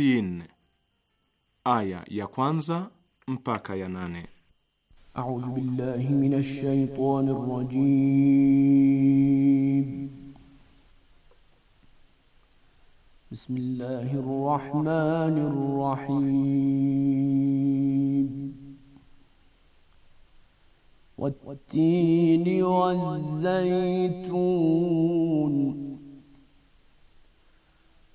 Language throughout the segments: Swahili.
Yasin, aya ya kwanza mpaka ya nane. A'udhu billahi minash shaitani rajim. Bismillahir rahmanir rahim. والتين والزيت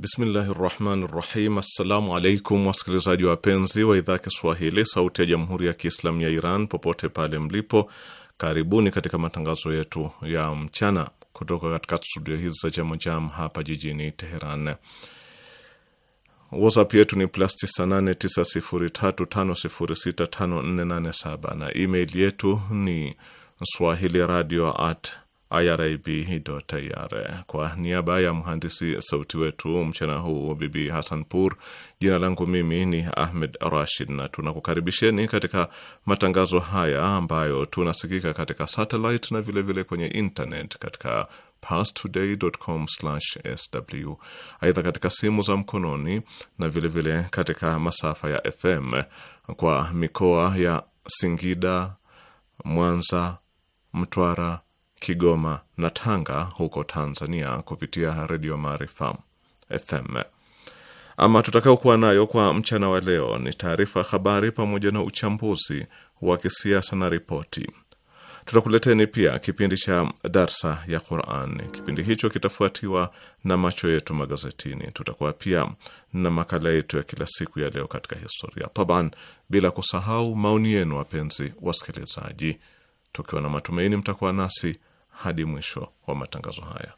Bismillahi rahmani rahim. Assalamu alaikum wasikilizaji wapenzi wa idhaa Kiswahili sauti ya jamhuri ya Kiislamu ya Iran popote pale mlipo, karibuni katika matangazo yetu ya mchana kutoka katika studio hizi za Jamjam hapa jijini Teheran. WhatsApp yetu ni plus 989035065487 na email yetu ni swahili radio at irib.ir. Kwa niaba ya mhandisi sauti wetu mchana huu Bibi Hassan Pur, jina langu mimi ni Ahmed Rashid na tunakukaribisheni katika matangazo haya ambayo tunasikika katika satellite na vilevile vile kwenye internet katika pastoday.com/sw. Aidha, katika simu za mkononi na vilevile vile katika masafa ya FM kwa mikoa ya Singida, Mwanza, Mtwara, Kigoma na Tanga huko Tanzania kupitia Redio Maarifa FM. Ama tutakaokuwa nayo kwa mchana wa leo ni taarifa habari pamoja na uchambuzi wa kisiasa na ripoti. Tutakuleteni pia kipindi cha darsa ya Qur'an. Kipindi hicho kitafuatiwa na macho yetu magazetini. Tutakuwa pia na makala yetu ya kila siku ya leo katika historia, taban, bila kusahau maoni yenu, wapenzi wasikilizaji, tukiwa na matumaini mtakuwa nasi hadi mwisho wa matangazo haya.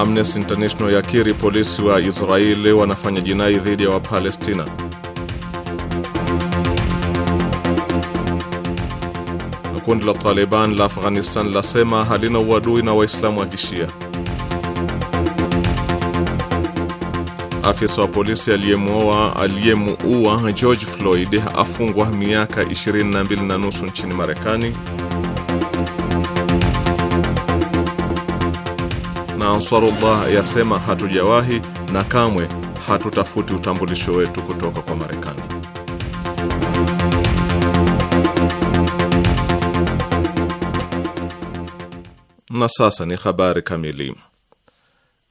Amnesty International yakiri polisi wa Israeli wanafanya jinai dhidi ya Wapalestina. Kundi la Taliban la Afghanistan lasema halina uadui na Waislamu wa Kishia. Afisa wa polisi aliyemuua aliyemuua George Floyd afungwa miaka 22 na nusu nchini Marekani. Ansarullah yasema hatujawahi na kamwe hatutafuti utambulisho wetu kutoka kwa Marekani. Na sasa ni habari kamili.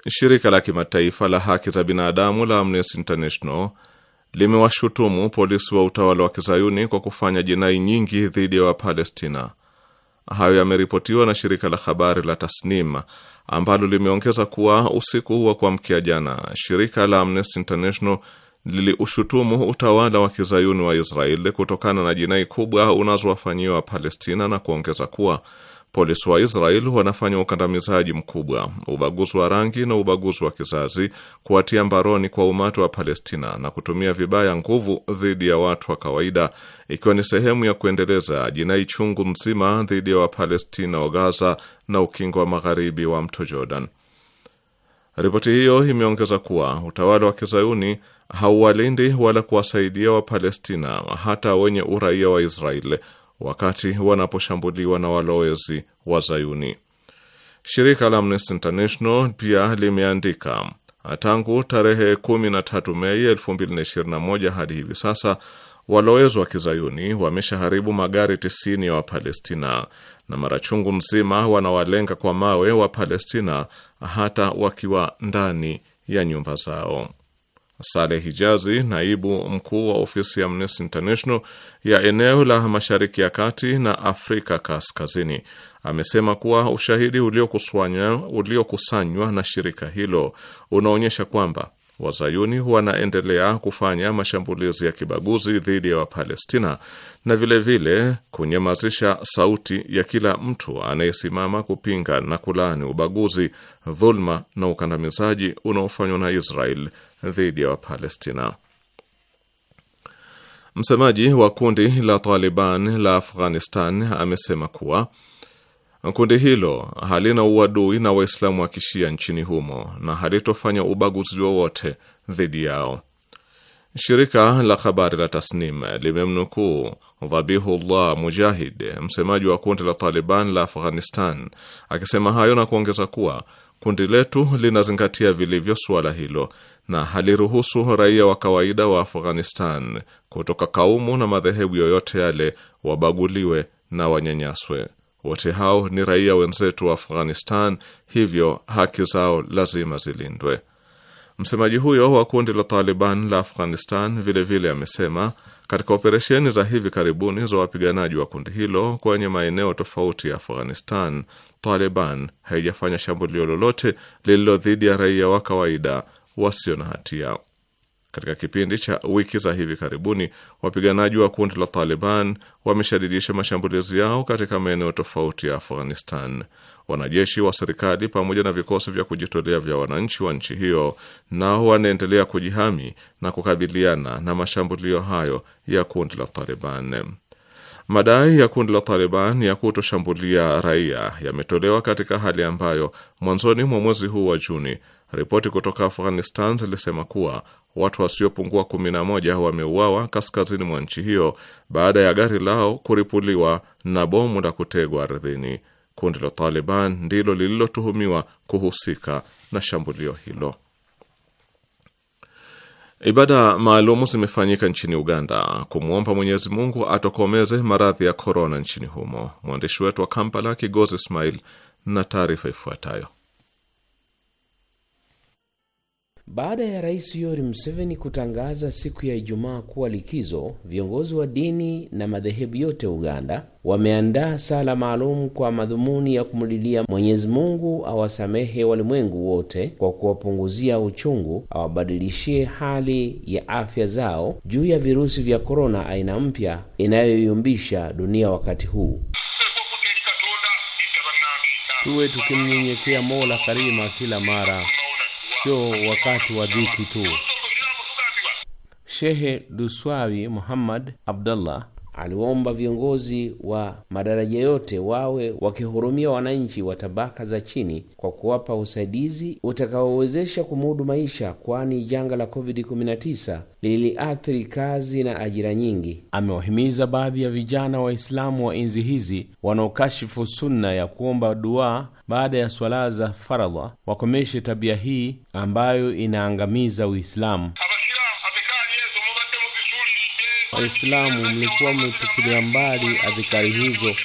Shirika la kimataifa la haki za binadamu la Amnesty International limewashutumu polisi wa utawala wa kizayuni kwa kufanya jinai nyingi dhidi ya Wapalestina. Hayo yameripotiwa na shirika la habari la Tasnim ambalo limeongeza kuwa usiku wa kuamkia jana shirika la Amnesty International liliushutumu utawala wa kizayuni wa Israeli kutokana na jinai kubwa unazowafanyia Palestina na kuongeza kuwa Polisi wa Israel wanafanya ukandamizaji mkubwa, ubaguzi wa rangi na ubaguzi wa kizazi, kuwatia mbaroni kwa umati wa Palestina na kutumia vibaya nguvu dhidi ya watu wa kawaida, ikiwa ni sehemu ya kuendeleza jinai chungu nzima dhidi ya Wapalestina wa Gaza na ukingo wa magharibi wa mto Jordan. Ripoti hiyo imeongeza kuwa utawala wa kizayuni hauwalindi wala kuwasaidia Wapalestina hata wenye uraia wa Israel wakati wanaposhambuliwa na walowezi wa zayuni Shirika la Amnesty International pia limeandika tangu tarehe 13 Mei 2021 hadi hivi sasa walowezi wa Kizayuni wameshaharibu magari 90 ya Wapalestina na mara chungu mzima wanawalenga kwa mawe Wapalestina hata wakiwa ndani ya nyumba zao. Saleh Hijazi, naibu mkuu wa ofisi ya Amnesty International ya eneo la Mashariki ya Kati na Afrika Kaskazini, amesema kuwa ushahidi uliokusanywa uliokusanywa na shirika hilo unaonyesha kwamba Wazayuni wanaendelea kufanya mashambulizi ya kibaguzi dhidi ya Wapalestina na vilevile kunyamazisha sauti ya kila mtu anayesimama kupinga na kulaani ubaguzi, dhulma na ukandamizaji unaofanywa na Israel dhidi ya Wapalestina. Msemaji wa kundi la Taliban la Afghanistan amesema kuwa Kundi hilo halina uadui na Waislamu wa kishia nchini humo na halitofanya ubaguzi wowote dhidi yao. Shirika la habari la Tasnim limemnukuu Dhabihullah Mujahid, msemaji wa kundi la Taliban la Afghanistan, akisema hayo na kuongeza kuwa kundi letu linazingatia vilivyo suala hilo na haliruhusu raia wa kawaida wa Afghanistan kutoka kaumu na madhehebu yoyote yale wabaguliwe na wanyanyaswe. Wote hao ni raia wenzetu wa Afghanistan, hivyo haki zao lazima zilindwe. Msemaji huyo wa kundi la Taliban la Afghanistan vilevile amesema katika operesheni za hivi karibuni za wapiganaji wa kundi hilo kwenye maeneo tofauti ya Afghanistan, Taliban haijafanya shambulio lolote lililo dhidi ya raia wa kawaida wasio na hatia. Katika kipindi cha wiki za hivi karibuni, wapiganaji wa kundi la Taliban wameshadidisha mashambulizi yao katika maeneo tofauti ya Afghanistan. Wanajeshi wa serikali pamoja na vikosi vya kujitolea vya wananchi wa nchi hiyo nao wanaendelea kujihami na kukabiliana na mashambulio hayo ya kundi la Taliban. Madai ya kundi la Taliban ya kutoshambulia raia yametolewa katika hali ambayo mwanzoni mwa mwezi huu wa Juni, ripoti kutoka Afghanistan zilisema kuwa Watu wasiopungua 11 wameuawa kaskazini mwa nchi hiyo baada ya gari lao kuripuliwa na bomu la kutegwa ardhini. Kundi la Taliban ndilo lililotuhumiwa kuhusika na shambulio hilo. Ibada maalumu zimefanyika nchini Uganda kumwomba Mwenyezi Mungu atokomeze maradhi ya korona nchini humo. Mwandishi wetu wa Kampala, Kigozi Ismail, na taarifa ifuatayo. Baada ya Rais Yoweri Museveni kutangaza siku ya Ijumaa kuwa likizo, viongozi wa dini na madhehebu yote Uganda wameandaa sala maalum kwa madhumuni ya kumlilia Mwenyezi Mungu awasamehe walimwengu wote kwa kuwapunguzia uchungu, awabadilishie hali ya afya zao juu ya virusi vya korona aina mpya inayoyumbisha dunia wakati huu. Tuwe tukimnyenyekea Mola Karima kila mara sio wakati wa dhiki tu. Shehe Duswawi Muhammad Abdullah aliwaomba viongozi wa madaraja yote wawe wakihurumia wananchi wa tabaka za chini kwa kuwapa usaidizi utakaowezesha kumudu maisha, kwani janga la COVID-19 liliathiri kazi na ajira nyingi. Amewahimiza baadhi ya vijana Waislamu wa enzi hizi wanaokashifu sunna ya kuomba duaa baada ya swala za faradha wakomeshe tabia hii ambayo inaangamiza Uislamu. Waislamu mlikuwa mmetupilia mbali adhikari hizo.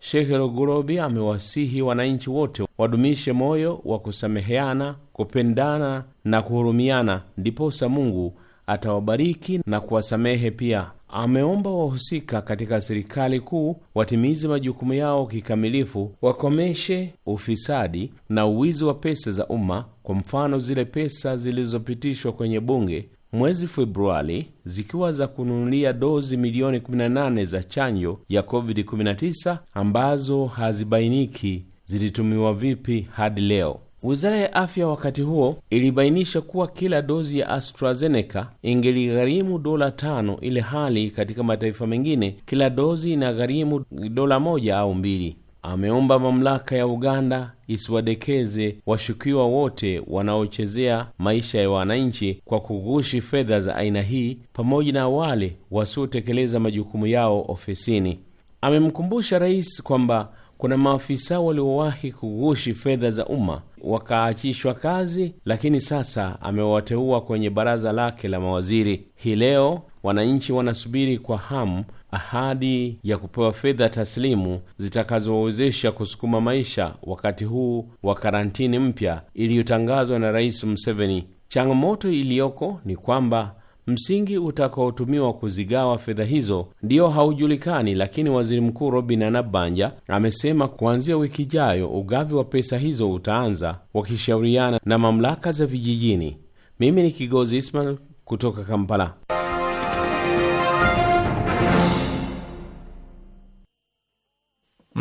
Shekhe Rogorobi amewasihi wananchi wote wadumishe moyo wa kusameheana, kupendana na kuhurumiana, ndiposa Mungu atawabariki na kuwasamehe pia. Ameomba wahusika katika serikali kuu watimize majukumu yao kikamilifu, wakomeshe ufisadi na uwizi wa pesa za umma, kwa mfano zile pesa zilizopitishwa kwenye bunge mwezi Februari zikiwa za kununulia dozi milioni 18 za chanjo ya COVID-19 ambazo hazibainiki zilitumiwa vipi hadi leo. Wizara ya afya wakati huo ilibainisha kuwa kila dozi ya AstraZeneca ingeligharimu dola tano, ile hali katika mataifa mengine kila dozi inagharimu dola moja au mbili ameomba mamlaka ya Uganda isiwadekeze washukiwa wote wanaochezea maisha ya wananchi kwa kughushi fedha za aina hii, pamoja na wale wasiotekeleza majukumu yao ofisini. Amemkumbusha rais kwamba kuna maafisa waliowahi kughushi fedha za umma wakaachishwa kazi, lakini sasa amewateua kwenye baraza lake la mawaziri. Hii leo wananchi wanasubiri kwa hamu ahadi ya kupewa fedha taslimu zitakazowezesha kusukuma maisha wakati huu wa karantini mpya iliyotangazwa na Rais Museveni. Changamoto iliyoko ni kwamba msingi utakaotumiwa kuzigawa fedha hizo ndiyo haujulikani, lakini waziri mkuu Robin Anabanja amesema kuanzia wiki ijayo ugavi wa pesa hizo utaanza wakishauriana na mamlaka za vijijini. Mimi ni Kigozi Ismail kutoka Kampala.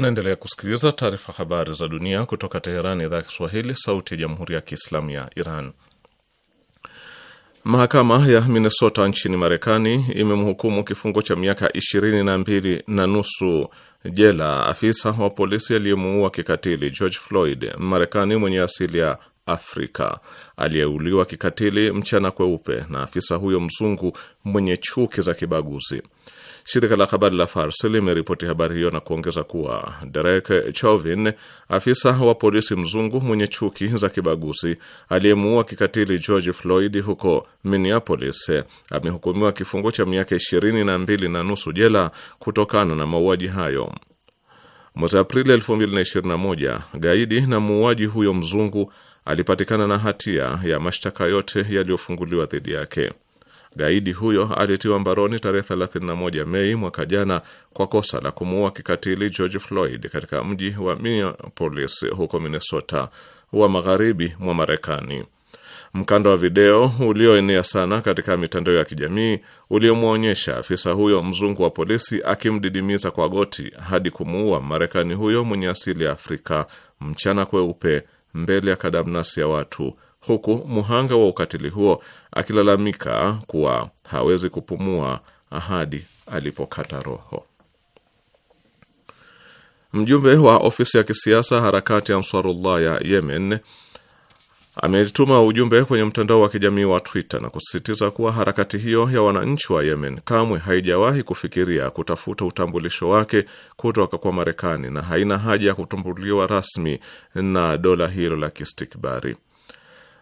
Mnaendelea kusikiliza taarifa habari za dunia kutoka teheran idhaa ya Kiswahili, sauti ya jamhuri ya kiislamu ya Iran. Mahakama ya Minnesota nchini Marekani imemhukumu kifungo cha miaka ishirini na mbili na nusu jela afisa wa polisi aliyemuua kikatili George Floyd, Marekani mwenye asili ya Afrika aliyeuliwa kikatili mchana kweupe na afisa huyo mzungu mwenye chuki za kibaguzi. Shirika la habari la Fars limeripoti habari hiyo na kuongeza kuwa Derek Chauvin, afisa wa polisi mzungu mwenye chuki za kibaguzi aliyemuua kikatili George Floyd huko Minneapolis, amehukumiwa kifungo cha miaka ishirini na mbili na nusu jela kutokana na mauaji hayo. Mwezi Aprili 2021 gaidi na muuaji huyo mzungu alipatikana na hatia ya mashtaka yote yaliyofunguliwa dhidi yake. Gaidi huyo alitiwa mbaroni tarehe 31 Mei mwaka jana kwa kosa la kumuua kikatili George Floyd katika mji wa Minneapolis huko Minnesota wa magharibi mwa Marekani. Mkanda wa video ulioenea sana katika mitandao ya kijamii uliomwonyesha afisa huyo mzungu wa polisi akimdidimiza kwa goti hadi kumuua Marekani huyo mwenye asili ya Afrika mchana kweupe mbele ya kadamnasi ya watu huku muhanga wa ukatili huo akilalamika kuwa hawezi kupumua hadi alipokata roho. Mjumbe wa ofisi ya kisiasa harakati ya Ansarullah ya Yemen ametuma ujumbe kwenye mtandao wa kijamii wa Twitter na kusisitiza kuwa harakati hiyo ya wananchi wa Yemen kamwe haijawahi kufikiria kutafuta utambulisho wake kutoka kwa Marekani na haina haja ya kutambuliwa rasmi na dola hilo la kistikbari.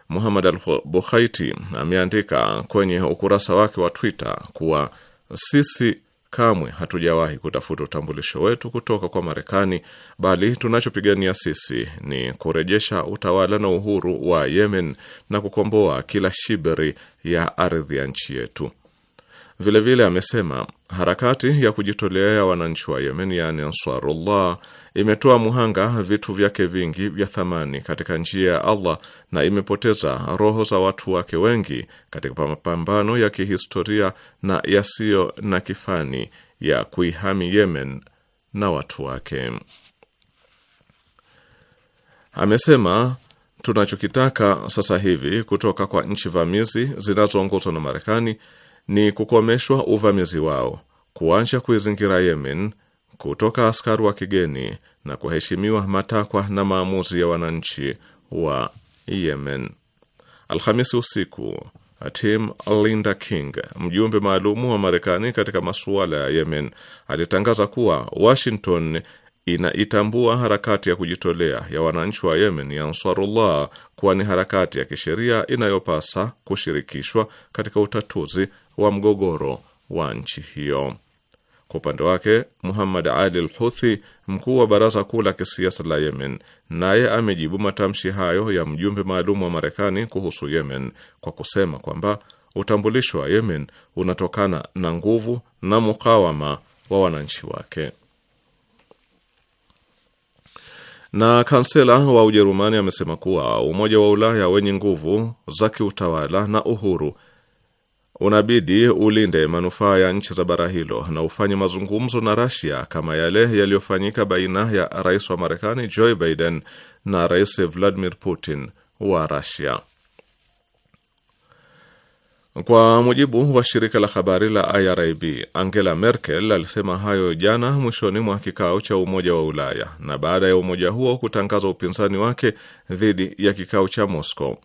Muhammad al-Bukhaiti ameandika kwenye ukurasa wake wa Twitter kuwa sisi kamwe hatujawahi kutafuta utambulisho wetu kutoka kwa Marekani, bali tunachopigania sisi ni kurejesha utawala na uhuru wa Yemen na kukomboa kila shibiri ya ardhi ya nchi yetu. Vilevile vile amesema harakati ya kujitolea ya wananchi wa Yemen, yani Ansarullah, imetoa muhanga vitu vyake vingi vya thamani katika njia ya Allah na imepoteza roho za watu wake wengi katika mapambano ya kihistoria na yasiyo na kifani ya kuihami Yemen na watu wake. Amesema tunachokitaka sasa hivi kutoka kwa nchi vamizi zinazoongozwa na Marekani ni kukomeshwa uvamizi wao, kuacha kuizingira Yemen kutoka askari wa kigeni na kuheshimiwa matakwa na maamuzi ya wananchi wa Yemen. Alhamisi usiku Tim Linda King, mjumbe maalumu wa Marekani katika masuala ya Yemen, alitangaza kuwa Washington inaitambua harakati ya kujitolea ya wananchi wa Yemen ya Ansarullah kuwa ni harakati ya kisheria inayopasa kushirikishwa katika utatuzi wa mgogoro wa nchi hiyo. Kwa upande wake Muhammad Ali al mkuu wa baraza kuu la kisiasa la Yemen, naye amejibu matamshi hayo ya mjumbe maalum wa Marekani kuhusu Yemen kwa kusema kwamba utambulisho wa Yemen unatokana na nguvu na mukawama wa wananchi wake. Na kansela wa Ujerumani amesema kuwa Umoja wa Ulaya wenye nguvu za kiutawala na uhuru unabidi ulinde manufaa ya nchi za bara hilo na ufanye mazungumzo na Rasia kama yale yaliyofanyika baina ya rais wa Marekani Joe Biden na rais Vladimir Putin wa Rasia. Kwa mujibu wa shirika la habari la IRIB, Angela Merkel alisema hayo jana mwishoni mwa kikao cha Umoja wa Ulaya na baada ya umoja huo kutangaza upinzani wake dhidi ya kikao cha Moscow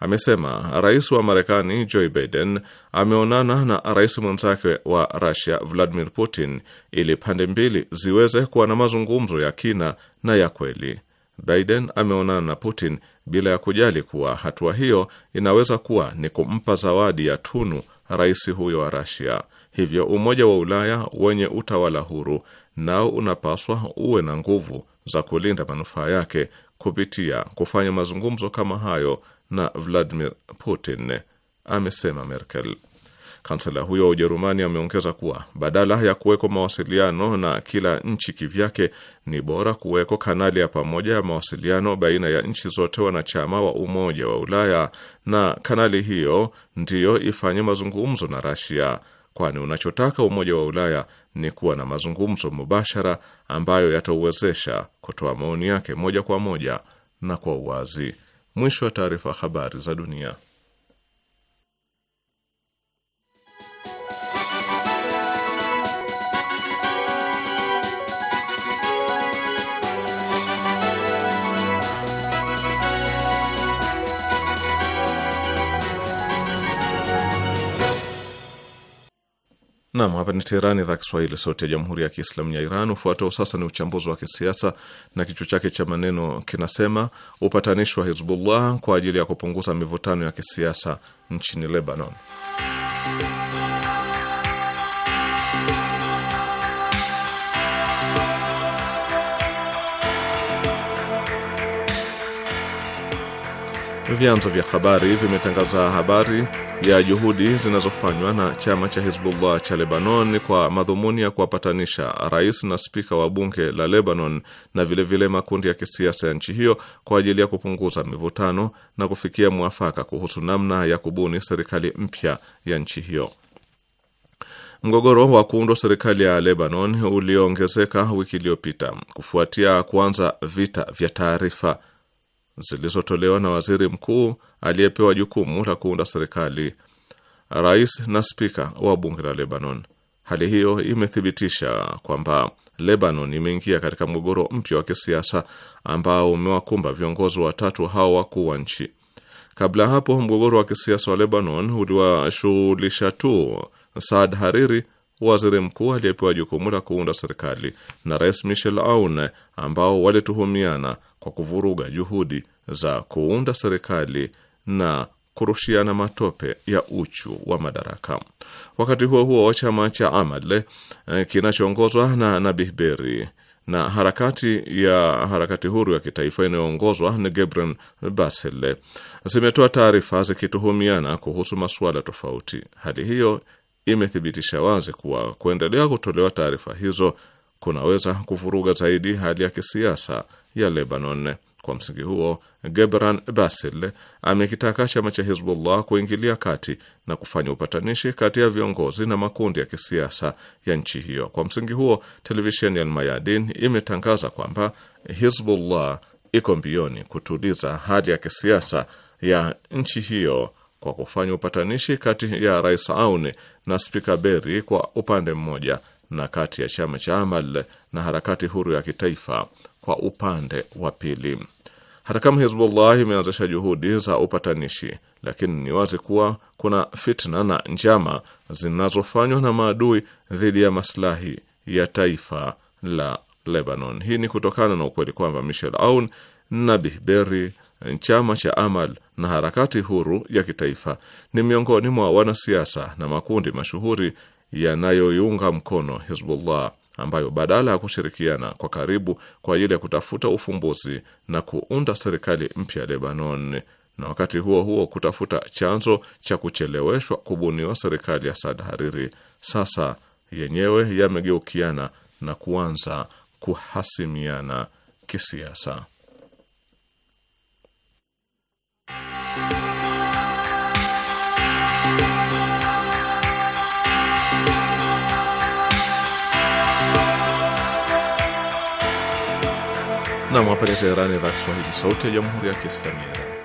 amesema rais wa Marekani Joe Biden ameonana na rais mwenzake wa rasia Vladimir Putin ili pande mbili ziweze kuwa na mazungumzo ya kina na ya kweli. Biden ameonana na Putin bila ya kujali kuwa hatua hiyo inaweza kuwa ni kumpa zawadi ya tunu rais huyo wa rasia Hivyo Umoja wa Ulaya wenye utawala huru nao unapaswa uwe na nguvu za kulinda manufaa yake kupitia kufanya mazungumzo kama hayo na Vladimir Putin, amesema Merkel. Kansela huyo wa Ujerumani ameongeza kuwa badala ya kuwekwa mawasiliano na kila nchi kivyake, ni bora kuwekwa kanali ya pamoja ya mawasiliano baina ya nchi zote wanachama wa Umoja wa Ulaya, na kanali hiyo ndiyo ifanye mazungumzo na Rasia, kwani unachotaka Umoja wa Ulaya ni kuwa na mazungumzo mubashara ambayo yatauwezesha kutoa maoni yake moja kwa moja na kwa uwazi. Mwisho wa taarifa. Habari za dunia. Nam, hapa ni Teherani, idhaa Kiswahili, sauti ya jamhuri ya kiislamu ya Iran. Ufuatao sasa ni uchambuzi wa kisiasa na kichwa chake cha maneno kinasema upatanishi wa Hizbullah kwa ajili ya kupunguza mivutano ya kisiasa nchini Lebanon. Vyanzo vya habari vimetangaza habari ya juhudi zinazofanywa na chama cha Hizbullah cha Lebanon kwa madhumuni ya kuwapatanisha rais na spika wa bunge la Lebanon na vilevile vile makundi ya kisiasa ya nchi hiyo kwa ajili ya kupunguza mivutano na kufikia mwafaka kuhusu namna ya kubuni serikali mpya ya nchi hiyo. Mgogoro wa kuundwa serikali ya Lebanon ulioongezeka wiki iliyopita kufuatia kuanza vita vya taarifa zilizotolewa na waziri mkuu aliyepewa jukumu la kuunda serikali, rais na spika wa bunge la Lebanon. Hali hiyo imethibitisha kwamba Lebanon imeingia katika mgogoro mpya wa kisiasa ambao umewakumba viongozi watatu hao wakuu wa nchi. Kabla ya hapo, mgogoro wa kisiasa wa Lebanon uliwashughulisha tu Saad Hariri, waziri mkuu aliyepewa jukumu la kuunda serikali, na rais Michel Aoun ambao walituhumiana kwa kuvuruga juhudi za kuunda serikali na kurushiana matope ya uchu wa madaraka. Wakati huo huo, chama cha Amal eh, kinachoongozwa na Nabih Berri na harakati ya harakati huru ya kitaifa inayoongozwa na Gebran Basele zimetoa taarifa zikituhumiana kuhusu masuala tofauti. Hali hiyo imethibitisha wazi kuwa kuendelea kutolewa taarifa hizo kunaweza kuvuruga zaidi hali ya kisiasa ya Lebanon. Kwa msingi huo, Gebran Basil amekitaka chama cha Hizbullah kuingilia kati na kufanya upatanishi kati ya viongozi na makundi ya kisiasa ya nchi hiyo. Kwa msingi huo, televisheni ya Almayadin imetangaza kwamba Hizbullah iko mbioni kutuliza hali ya kisiasa ya nchi hiyo kwa kufanya upatanishi kati ya Rais Aoun na Spika Beri kwa upande mmoja na kati ya chama cha Amal na harakati huru ya kitaifa kwa upande wa pili. Hata kama Hizbullah imeanzisha juhudi za upatanishi, lakini ni wazi kuwa kuna fitna na njama zinazofanywa na maadui dhidi ya maslahi ya taifa la Lebanon. Hii ni kutokana na ukweli kwamba Michel Aoun na Bihberi, chama cha Amal na harakati huru ya kitaifa, ni miongoni mwa wanasiasa na makundi mashuhuri yanayoiunga mkono Hizbullah ambayo badala ya kushirikiana kwa karibu kwa ajili ya kutafuta ufumbuzi na kuunda serikali mpya Lebanon na wakati huo huo kutafuta chanzo cha kucheleweshwa kubuniwa serikali ya Saad Hariri, sasa yenyewe yamegeukiana na kuanza kuhasimiana kisiasa. na mwapata Teherani, idhaa Kiswahili, sauti ya jamhuri ya kiislamu ya Iran.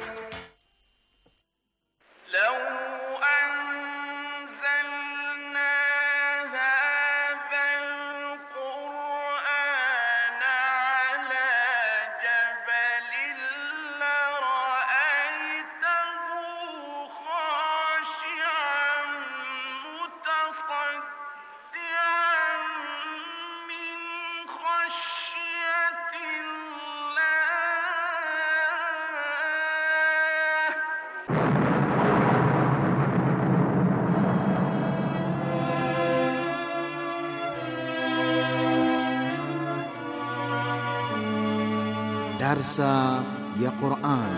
darsa ya Quran.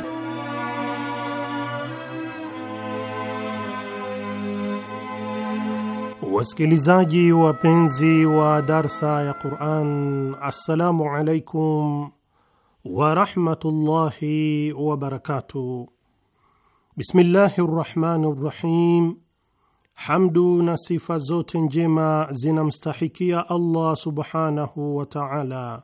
Wasikilizaji wapenzi wa darsa ya Quran, assalamu alaikum warahmatullahi wabarakatuh. Bismillahi rrahmani rrahim. Hamdu na sifa zote njema zinamstahikia Allah subhanahu wa taala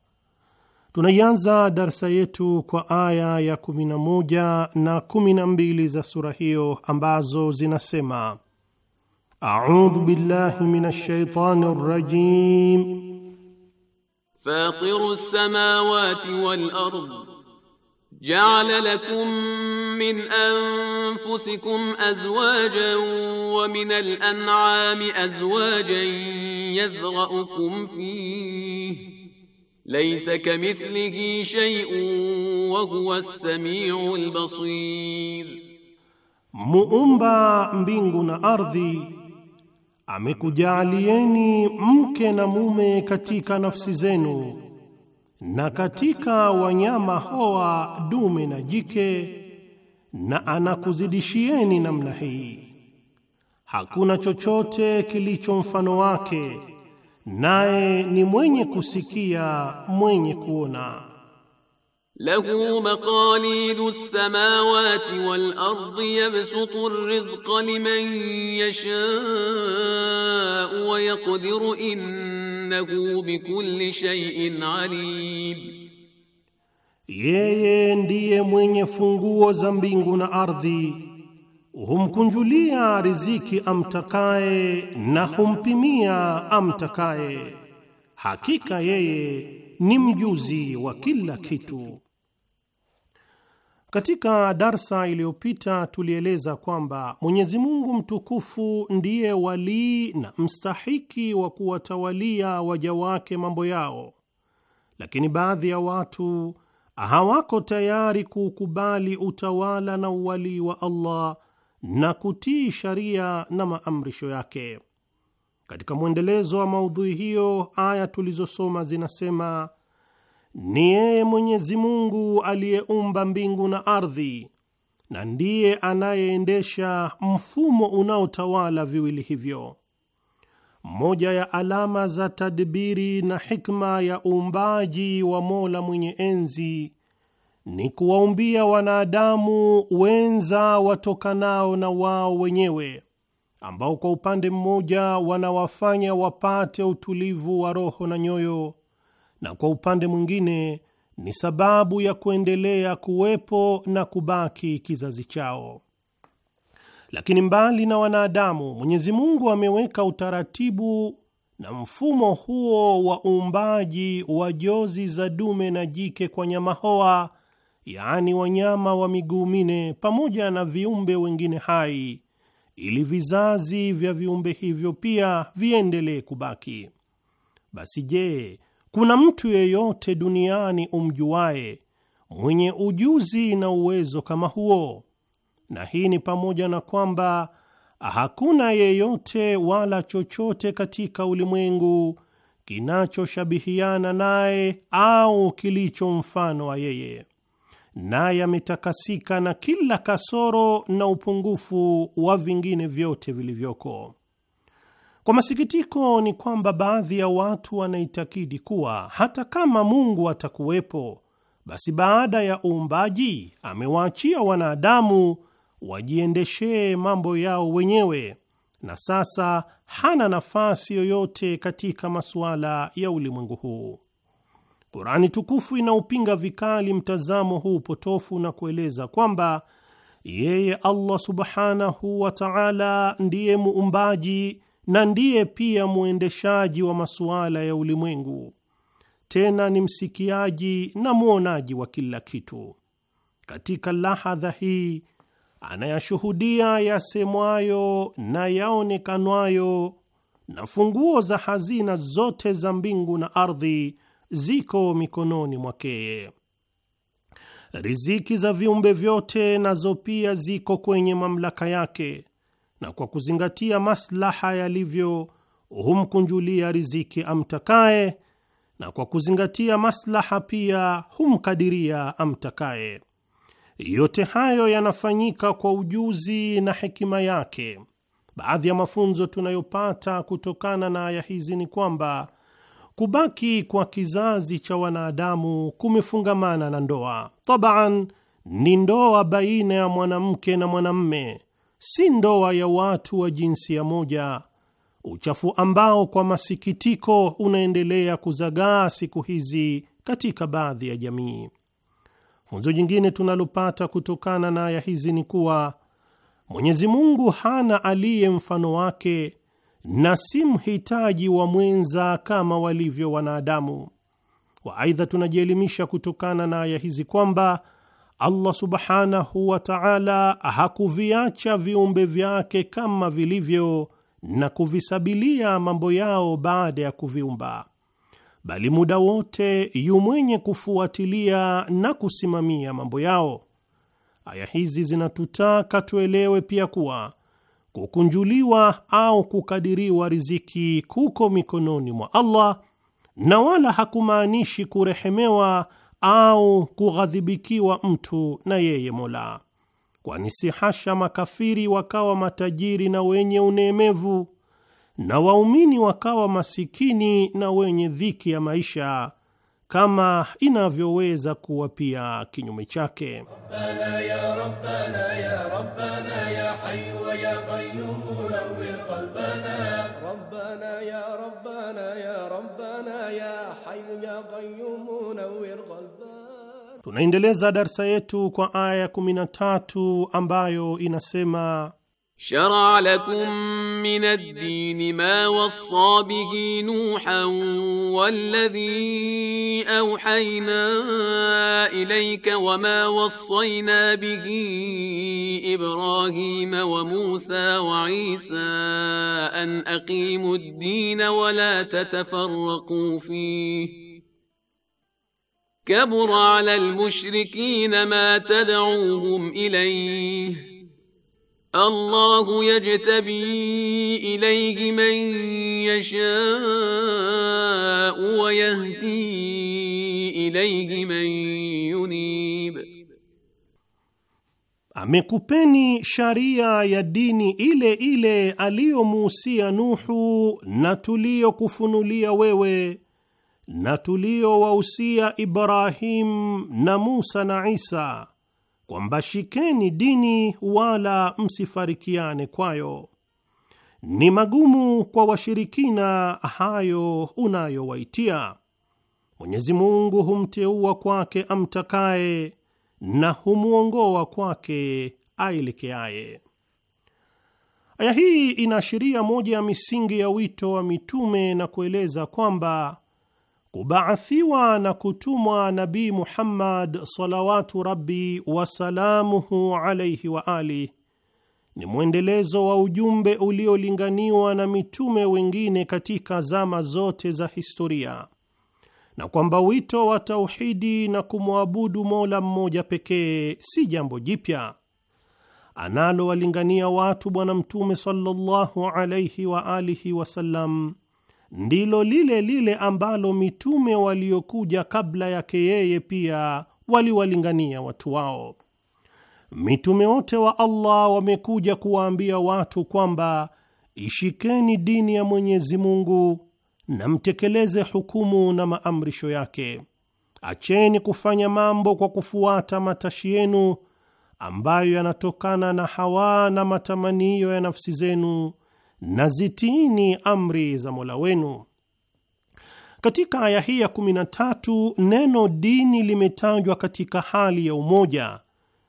Tunaianza darsa yetu kwa aya ya 11 na 12 za sura hiyo ambazo zinasema: audhu billahi minash shaitani rajim fatiru samawati wal ardh ja'ala lakum min anfusikum azwajan wa min al-an'ami azwajan yadhra'ukum fihi Laisa kamithlihi shay'un wa huwa as-sami'ul basir, muumba mbingu na ardhi amekujaalieni mke na mume katika nafsi zenu na katika wanyama hoa dume na jike, na anakuzidishieni namna hii, hakuna chochote kilicho mfano wake naye ni mwenye kusikia mwenye kuona. lahu maqalidu samawati wal ardi yabsutu rizqa liman yashau wa yaqdiru innahu bikulli shay'in alim, yeye ndiye mwenye funguo za mbingu na ardhi humkunjulia riziki amtakaye na humpimia amtakaye, hakika yeye ni mjuzi wa kila kitu. Katika darsa iliyopita tulieleza kwamba Mwenyezi Mungu mtukufu ndiye walii na mstahiki wa kuwatawalia waja wake mambo yao, lakini baadhi ya watu hawako tayari kuukubali utawala na uwalii wa Allah na kutii sharia na maamrisho yake. Katika mwendelezo wa maudhui hiyo, aya tulizosoma zinasema ni yeye Mwenyezi Mungu aliyeumba mbingu na ardhi na ndiye anayeendesha mfumo unaotawala viwili hivyo. Moja ya alama za tadbiri na hikma ya uumbaji wa Mola mwenye enzi ni kuwaumbia wanadamu wenza watokanao na wao wenyewe, ambao kwa upande mmoja wanawafanya wapate utulivu wa roho na nyoyo, na kwa upande mwingine ni sababu ya kuendelea kuwepo na kubaki kizazi chao. Lakini mbali na wanadamu, Mwenyezi Mungu ameweka utaratibu na mfumo huo wa uumbaji wa jozi za dume na jike kwa nyamahoa yaani wanyama wa miguu minne pamoja na viumbe wengine hai, ili vizazi vya viumbe hivyo pia viendelee kubaki. Basi je, kuna mtu yeyote duniani umjuaye mwenye ujuzi na uwezo kama huo? Na hii ni pamoja na kwamba hakuna yeyote wala chochote katika ulimwengu kinachoshabihiana naye au kilicho mfano wa yeye naye ametakasika na kila kasoro na upungufu wa vingine vyote vilivyoko. Kwa masikitiko, ni kwamba baadhi ya watu wanaitakidi kuwa hata kama Mungu atakuwepo, basi baada ya uumbaji amewaachia wanadamu wajiendeshee mambo yao wenyewe, na sasa hana nafasi yoyote katika masuala ya ulimwengu huu. Kurani tukufu inaupinga vikali mtazamo huu potofu na kueleza kwamba yeye Allah subhanahu wa ta'ala ndiye muumbaji na ndiye pia mwendeshaji wa masuala ya ulimwengu, tena ni msikiaji na mwonaji wa kila kitu. Katika lahadha hii anayashuhudia yasemwayo na yaonekanwayo na funguo za hazina zote za mbingu na ardhi ziko mikononi mwake yeye. Riziki za viumbe vyote nazo pia ziko kwenye mamlaka yake, na kwa kuzingatia maslaha yalivyo humkunjulia riziki amtakaye, na kwa kuzingatia maslaha pia humkadiria amtakaye. Yote hayo yanafanyika kwa ujuzi na hekima yake. Baadhi ya mafunzo tunayopata kutokana na aya hizi ni kwamba kubaki kwa kizazi cha wanadamu kumefungamana na ndoa. Tabaan ni ndoa baina ya mwanamke na mwanamme, si ndoa ya watu wa jinsia moja, uchafu ambao kwa masikitiko unaendelea kuzagaa siku hizi katika baadhi ya jamii. Funzo jingine tunalopata kutokana na aya hizi ni kuwa Mwenyezi Mungu hana aliye mfano wake na si mhitaji wa mwenza kama walivyo wanadamu. Wa aidha, tunajielimisha kutokana na aya hizi kwamba Allah subhanahu wa ta'ala hakuviacha viumbe vyake kama vilivyo na kuvisabilia mambo yao baada ya kuviumba, bali muda wote yu mwenye kufuatilia na kusimamia mambo yao. Aya hizi zinatutaka tuelewe pia kuwa kukunjuliwa au kukadiriwa riziki kuko mikononi mwa Allah na wala hakumaanishi kurehemewa au kughadhibikiwa mtu na yeye Mola, kwani si hasha makafiri wakawa matajiri na wenye uneemevu na waumini wakawa masikini na wenye dhiki ya maisha kama inavyoweza kuwa pia kinyume chake. Tunaendeleza darsa yetu kwa aya 13 ambayo inasema شرع لكم من الدين ما وصى به نوحا والذي اوحينا اليك وما وصينا به ابراهيم وموسى وعيسى ان اقيموا الدين ولا تتفرقوا فيه كبر على المشركين ما تدعوهم اليه Allahu yajtabi ilayhi man yashau wa yahdi ilayhi man yunib, amekupeni sharia ya dini ile ile aliyomuusia Nuhu na tuliyokufunulia wewe na tuliyowausia Ibrahim na Musa na Isa kwamba shikeni dini wala msifarikiane kwayo. Ni magumu kwa washirikina hayo unayowaitia. Mwenyezi Mungu humteua kwake amtakaye na humwongoa kwake aelekeaye. Aya hii inaashiria moja ya misingi ya wito wa mitume na kueleza kwamba kubaathiwa na kutumwa nabi Muhammad salawatu rabi wasalamuhu alaihi wa ali ni mwendelezo wa ujumbe uliolinganiwa na mitume wengine katika zama zote za historia, na kwamba wito wa tauhidi na kumwabudu Mola mmoja pekee si jambo jipya analowalingania watu Bwana Mtume sallallahu alaihi wa alihi wasallam ndilo lile lile ambalo mitume waliokuja kabla yake yeye pia waliwalingania watu wao. Mitume wote wa Allah wamekuja kuwaambia watu kwamba ishikeni dini ya Mwenyezi Mungu na mtekeleze hukumu na maamrisho yake. Acheni kufanya mambo kwa kufuata matashi yenu ambayo yanatokana na hawa na matamanio ya nafsi zenu na zitiini amri za Mola wenu. Katika aya hii ya 13 neno dini limetajwa katika hali ya umoja,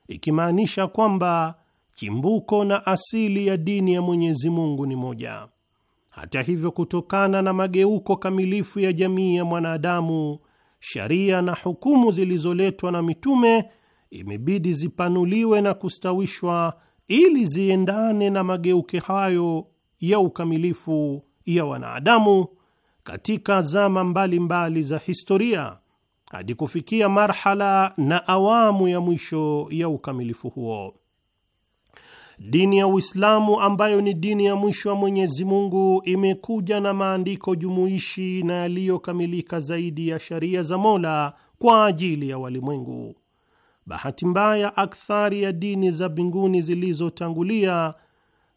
ikimaanisha kwamba chimbuko na asili ya dini ya Mwenyezi Mungu ni moja. Hata hivyo, kutokana na mageuko kamilifu ya jamii ya mwanadamu, sharia na hukumu zilizoletwa na mitume imebidi zipanuliwe na kustawishwa ili ziendane na mageuke hayo ya ukamilifu ya wanadamu katika zama mbalimbali mbali za historia hadi kufikia marhala na awamu ya mwisho ya ukamilifu huo. Dini ya Uislamu ambayo ni dini ya mwisho wa Mwenyezi Mungu imekuja na maandiko jumuishi na yaliyokamilika zaidi ya sharia za Mola kwa ajili ya walimwengu. Bahati mbaya, akthari ya dini za mbinguni zilizotangulia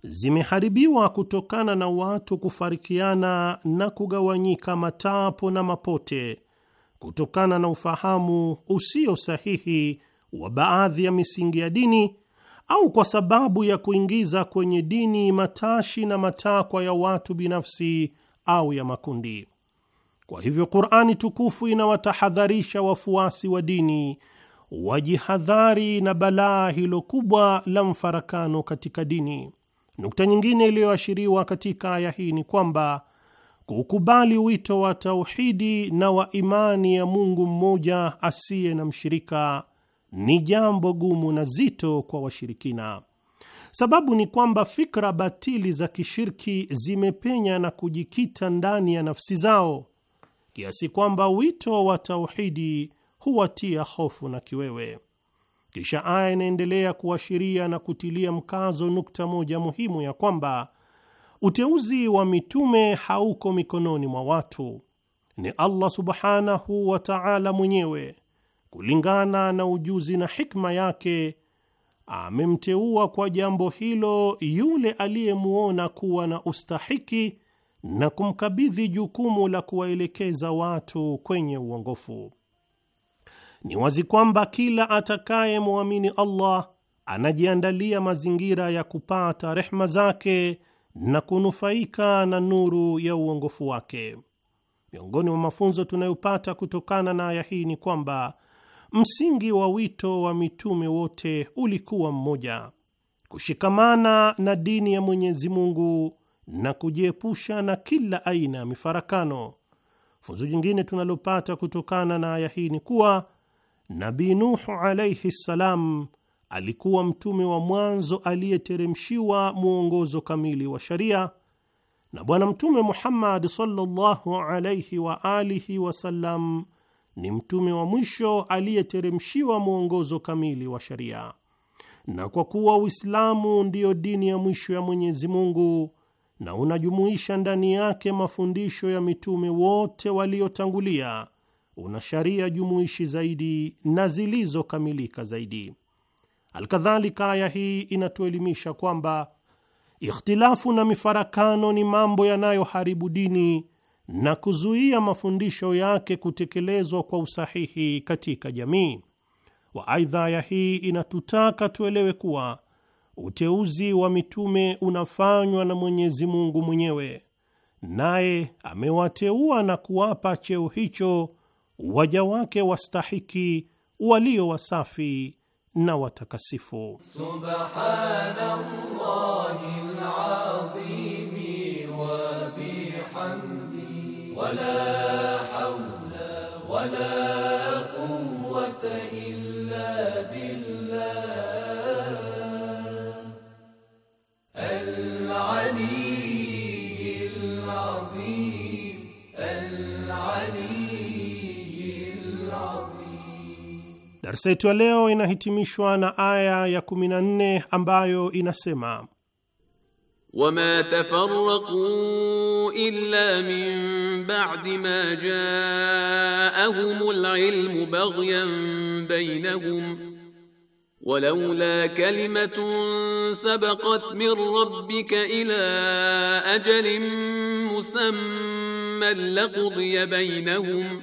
zimeharibiwa kutokana na watu kufarikiana na kugawanyika matapo na mapote kutokana na ufahamu usio sahihi wa baadhi ya misingi ya dini au kwa sababu ya kuingiza kwenye dini matashi na matakwa ya watu binafsi au ya makundi. Kwa hivyo, Qur'ani tukufu inawatahadharisha wafuasi wa dini wajihadhari na balaa hilo kubwa la mfarakano katika dini. Nukta nyingine iliyoashiriwa katika aya hii ni kwamba kukubali wito wa tauhidi na wa imani ya Mungu mmoja asiye na mshirika ni jambo gumu na zito kwa washirikina. Sababu ni kwamba fikra batili za kishirki zimepenya na kujikita ndani ya nafsi zao kiasi kwamba wito wa tauhidi huwatia hofu na kiwewe. Kisha aya inaendelea kuashiria na kutilia mkazo nukta moja muhimu ya kwamba uteuzi wa mitume hauko mikononi mwa watu, ni Allah subhanahu wa ta'ala mwenyewe kulingana na ujuzi na hikma yake amemteua kwa jambo hilo yule aliyemwona kuwa na ustahiki na kumkabidhi jukumu la kuwaelekeza watu kwenye uongofu. Ni wazi kwamba kila atakayemwamini Allah anajiandalia mazingira ya kupata rehma zake na kunufaika na nuru ya uongofu wake. Miongoni mwa mafunzo tunayopata kutokana na aya hii ni kwamba msingi wa wito wa mitume wote ulikuwa mmoja: kushikamana na dini ya Mwenyezi Mungu na kujiepusha na kila aina ya mifarakano. Funzo jingine tunalopata kutokana na aya hii ni kuwa Nabii Nuhu alaihi ssalam alikuwa mtume wa mwanzo aliyeteremshiwa mwongozo kamili wa sharia, na Bwana Mtume Muhammad sallallahu alaihi wa alihi wasallam ni mtume wa mwisho aliyeteremshiwa mwongozo kamili wa sharia. Na kwa kuwa Uislamu ndiyo dini ya mwisho ya Mwenyezi Mungu na unajumuisha ndani yake mafundisho ya mitume wote waliotangulia una sharia jumuishi zaidi na zilizokamilika zaidi. Alkadhalika, aya hii inatuelimisha kwamba ikhtilafu na mifarakano ni mambo yanayoharibu dini na kuzuia mafundisho yake kutekelezwa kwa usahihi katika jamii wa. Aidha, aya hii inatutaka tuelewe kuwa uteuzi wa mitume unafanywa na Mwenyezi Mungu mwenyewe, naye amewateua na kuwapa cheo hicho waja wake wastahiki walio wasafi na watakasifu. Subhanallah. Darsa yetu ya leo inahitimishwa na aya ya 14 ambayo inasema wama tafarraqu illa min ba'di ma جاءهم العلم baghyan bainahum ولولا كلمة سبقت من ربك إلى أجل مسمى لقضي بينهم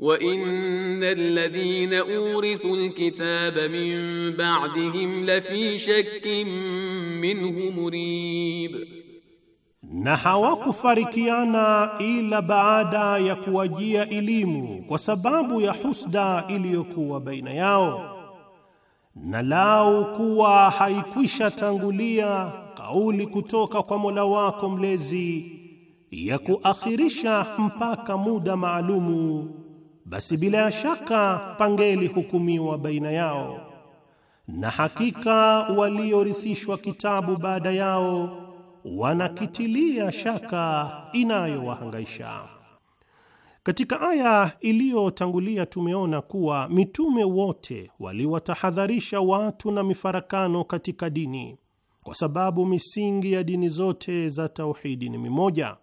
وإن الذين urithu الكتاب من بعدهم لفي شك منه مريب, na hawakufarikiana ila baada ya kuwajia elimu kwa sababu ya husda iliyokuwa baina yao, na lau kuwa haikwisha tangulia kauli kutoka kwa Mola wako mlezi ya kuakhirisha mpaka muda maalumu basi bila shaka pangelihukumiwa baina yao, na hakika waliorithishwa kitabu baada yao wanakitilia shaka inayowahangaisha. Katika aya iliyotangulia tumeona kuwa mitume wote waliwatahadharisha watu na mifarakano katika dini, kwa sababu misingi ya dini zote za tauhidi ni mimoja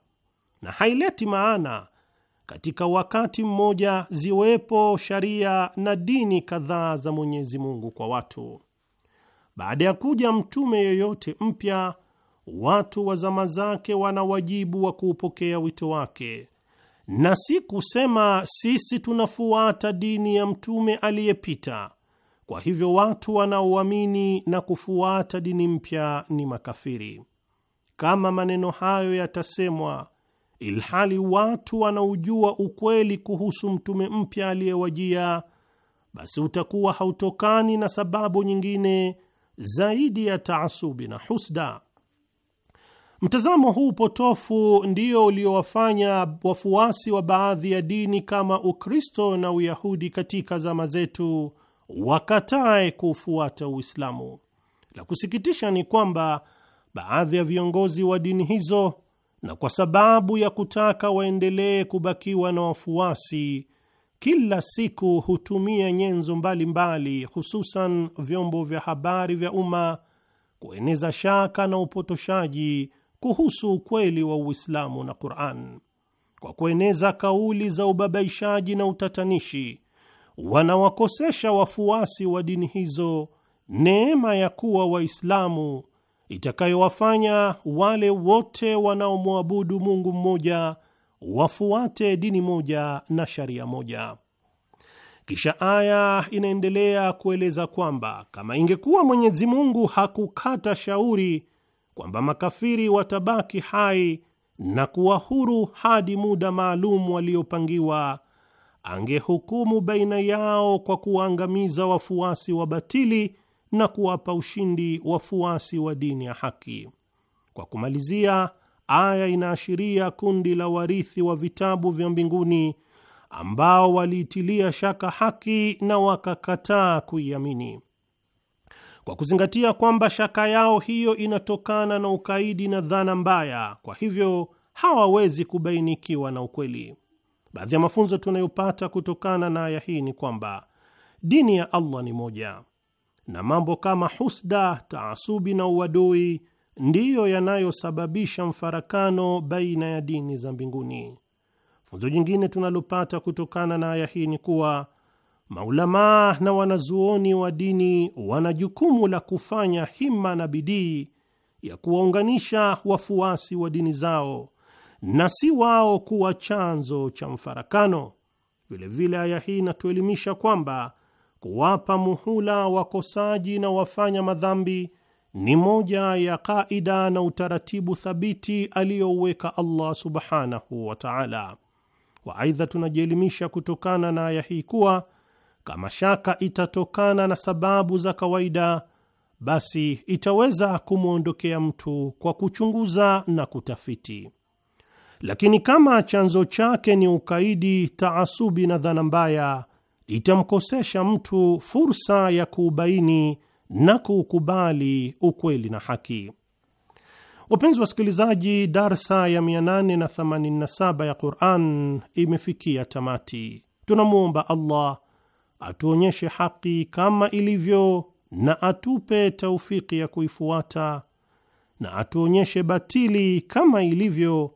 na haileti maana katika wakati mmoja ziwepo sharia na dini kadhaa za Mwenyezi Mungu kwa watu. Baada ya kuja mtume yoyote mpya, watu wa zama zake wana wajibu wa kuupokea wito wake, na si kusema sisi tunafuata dini ya mtume aliyepita, kwa hivyo watu wanaoamini na kufuata dini mpya ni makafiri. Kama maneno hayo yatasemwa ilhali watu wanaojua ukweli kuhusu mtume mpya aliyewajia, basi utakuwa hautokani na sababu nyingine zaidi ya taasubi na husda. Mtazamo huu potofu ndio uliowafanya wafuasi wa baadhi ya dini kama Ukristo na Uyahudi katika zama zetu wakatae kuufuata Uislamu. La kusikitisha ni kwamba baadhi ya viongozi wa dini hizo na kwa sababu ya kutaka waendelee kubakiwa na wafuasi, kila siku hutumia nyenzo mbalimbali, hususan vyombo vya habari vya umma kueneza shaka na upotoshaji kuhusu ukweli wa Uislamu na Qur'an. Kwa kueneza kauli za ubabaishaji na utatanishi, wanawakosesha wafuasi wa dini hizo neema ya kuwa Waislamu itakayowafanya wale wote wanaomwabudu Mungu mmoja wafuate dini moja na sharia moja. Kisha aya inaendelea kueleza kwamba kama ingekuwa Mwenyezi Mungu hakukata shauri kwamba makafiri watabaki hai na kuwa huru hadi muda maalum waliopangiwa, angehukumu baina yao kwa kuwaangamiza wafuasi wa batili na kuwapa ushindi wafuasi wa dini ya haki. Kwa kumalizia, aya inaashiria kundi la warithi wa vitabu vya mbinguni ambao waliitilia shaka haki na wakakataa kuiamini. Kwa kuzingatia kwamba shaka yao hiyo inatokana na ukaidi na dhana mbaya, kwa hivyo hawawezi kubainikiwa na ukweli. Baadhi ya mafunzo tunayopata kutokana na aya hii ni kwamba dini ya Allah ni moja na mambo kama husda, taasubi na uadui ndiyo yanayosababisha mfarakano baina ya dini za mbinguni. Funzo jingine tunalopata kutokana na aya hii ni kuwa maulamaa na wanazuoni wa dini wana jukumu la kufanya himma na bidii ya kuwaunganisha wafuasi wa dini zao na si wao kuwa chanzo cha mfarakano. Vilevile aya hii inatuelimisha kwamba kuwapa muhula wakosaji na wafanya madhambi ni moja ya kaida na utaratibu thabiti aliyouweka Allah subhanahu wa taala. Wa aidha, tunajielimisha kutokana na aya hii kuwa kama shaka itatokana na sababu za kawaida, basi itaweza kumwondokea mtu kwa kuchunguza na kutafiti, lakini kama chanzo chake ni ukaidi, taasubi na dhana mbaya itamkosesha mtu fursa ya kuubaini na kuukubali ukweli na haki. Wapenzi wasikilizaji, darsa ya 887 ya Quran imefikia tamati. Tunamwomba Allah atuonyeshe haki kama ilivyo na atupe taufiki ya kuifuata na atuonyeshe batili kama ilivyo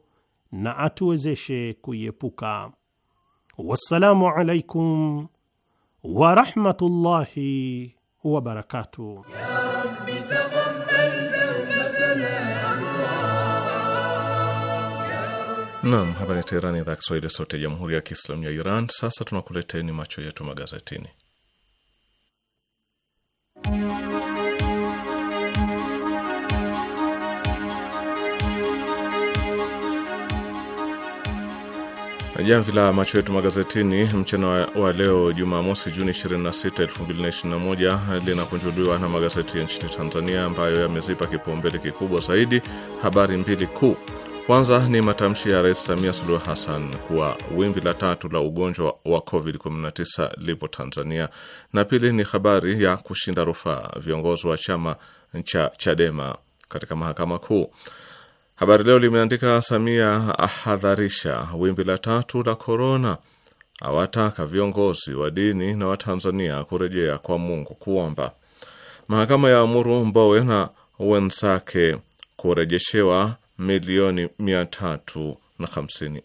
na atuwezeshe kuiepuka. Wassalamu alaikum wa rahmatullahi wa barakatuh. Naam, hapa ni Teherani, idhaa Kiswahili, sauti ya jamhuri ya kiislamu ya Iran. Sasa tunakuleteni macho yetu magazetini. Jamvi la macho yetu magazetini mchana wa leo Jumamosi, Juni 26, 2021 linakunjuliwa na magazeti ya nchini Tanzania ambayo yamezipa kipaumbele kikubwa zaidi habari mbili kuu. Kwanza ni matamshi ya Rais Samia Suluhu Hassan kuwa wimbi la tatu la ugonjwa wa COVID-19 lipo Tanzania, na pili ni habari ya kushinda rufaa viongozi wa chama cha Chadema katika mahakama kuu. Habari Leo limeandika Samia ahadharisha wimbi la tatu la korona, awataka viongozi wa dini na Watanzania kurejea kwa Mungu kuomba. Mahakama ya amuru Mbowe na wenzake kurejeshewa milioni mia tatu na hamsini.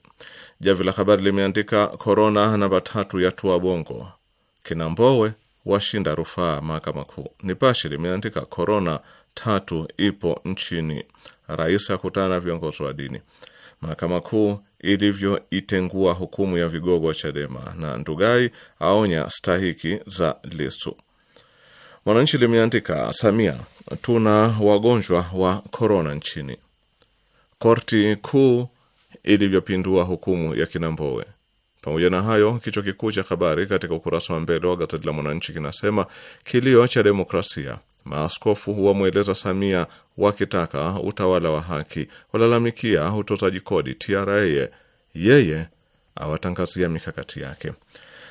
Javi la Habari limeandika korona namba tatu ya tua Bongo, kina Mbowe washinda rufaa mahakama kuu. Nipashe limeandika korona tatu ipo nchini Rais akutana na viongozi wa dini. Mahakama Kuu ilivyoitengua hukumu ya vigogo wa Chadema na Ndugai aonya stahiki za Lisu. Mwananchi limeandika Samia, tuna wagonjwa wa korona nchini. Korti Kuu ilivyopindua hukumu ya kinambowe Pamoja na hayo, kichwa kikuu cha habari katika ukurasa wa mbele wa gazeti la Mwananchi kinasema kilio cha demokrasia, maaskofu wamweleza Samia wakitaka utawala wa haki, walalamikia utozaji kodi TRA, yeye awatangazia mikakati yake.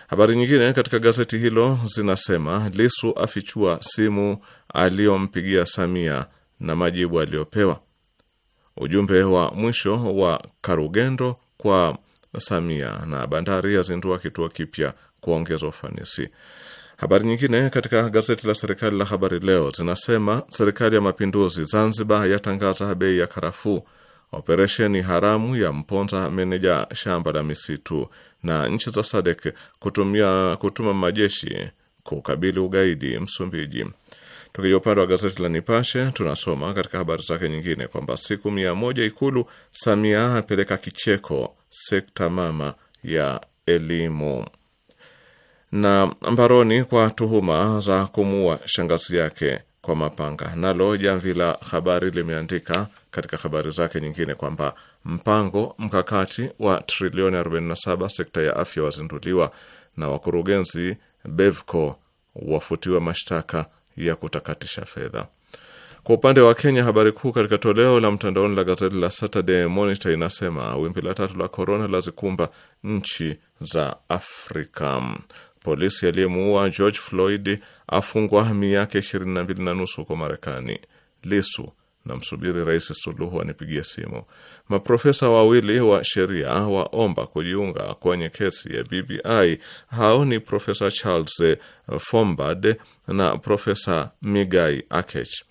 Habari nyingine katika gazeti hilo zinasema Lisu afichua simu aliyompigia Samia na majibu aliyopewa. Ujumbe wa mwisho wa Karugendo kwa Samia na bandari yazindua kituo kipya kuongeza ufanisi. Habari nyingine katika gazeti la serikali la Habari Leo zinasema serikali ya mapinduzi Zanzibar yatangaza bei ya karafuu, operesheni haramu ya mponza meneja shamba la misitu, na nchi za Sadek kutumia kutuma majeshi kukabili ugaidi Msumbiji. Tukija upande wa gazeti la Nipashe tunasoma katika habari zake nyingine kwamba siku mia moja Ikulu, Samia apeleka kicheko sekta mama ya elimu na mbaroni kwa tuhuma za kumuua shangazi yake kwa mapanga. Nalo jamvi la habari limeandika katika habari zake nyingine kwamba mpango mkakati wa trilioni 47 sekta ya afya wazinduliwa na wakurugenzi BEVCO wafutiwa mashtaka ya kutakatisha fedha. Kwa upande wa Kenya, habari kuu katika toleo la mtandaoni la gazeti la Saturday Monitor inasema wimbi la tatu la korona lazikumba nchi za Afrika. Polisi aliyemuua George Floyd afungwa miaka ishirini na mbili na nusu huko Marekani. Lisu na msubiri Rais Suluhu anipigie simu. Maprofesa wawili wa sheria waomba kujiunga kwenye kesi ya BBI. Hao ni Profesa Charles fombard na Profesa Migai Akech.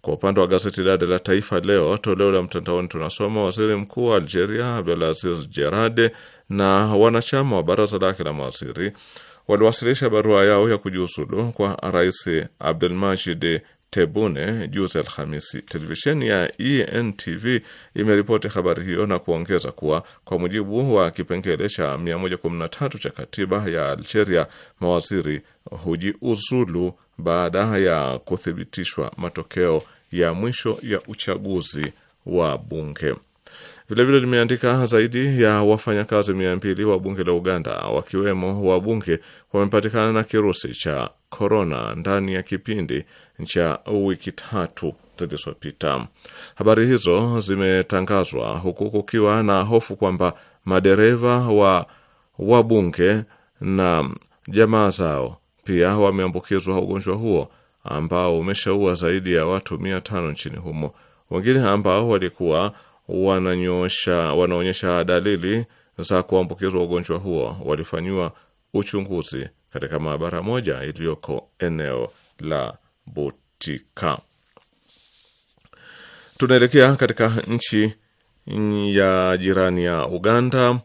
Kwa upande wa gazeti dada la Taifa Leo toleo la mtandaoni, tunasoma waziri mkuu wa Algeria Abdelaziz Jerade na wanachama wa baraza lake la mawaziri waliwasilisha barua yao ya kujiuzulu kwa Rais Abdelmajid Tebune juzi Alhamisi. Televisheni ya ENTV imeripoti habari hiyo na kuongeza kuwa kwa mujibu wa kipengele cha 113 cha katiba ya Algeria, mawaziri hujiuzulu baada ya kuthibitishwa matokeo ya mwisho ya uchaguzi wa bunge. Vilevile limeandika zaidi ya wafanyakazi mia mbili wa bunge la Uganda, wakiwemo wabunge, wamepatikana na kirusi cha korona ndani ya kipindi cha wiki tatu zilizopita. Habari hizo zimetangazwa huku kukiwa na hofu kwamba madereva wa wabunge na jamaa zao pia wameambukizwa ugonjwa huo ambao umeshaua zaidi ya watu mia tano nchini humo. Wengine ambao walikuwa wanaonyesha dalili za kuambukizwa ugonjwa huo walifanyiwa uchunguzi katika maabara moja iliyoko eneo la Butika. Tunaelekea katika nchi ya jirani ya Uganda.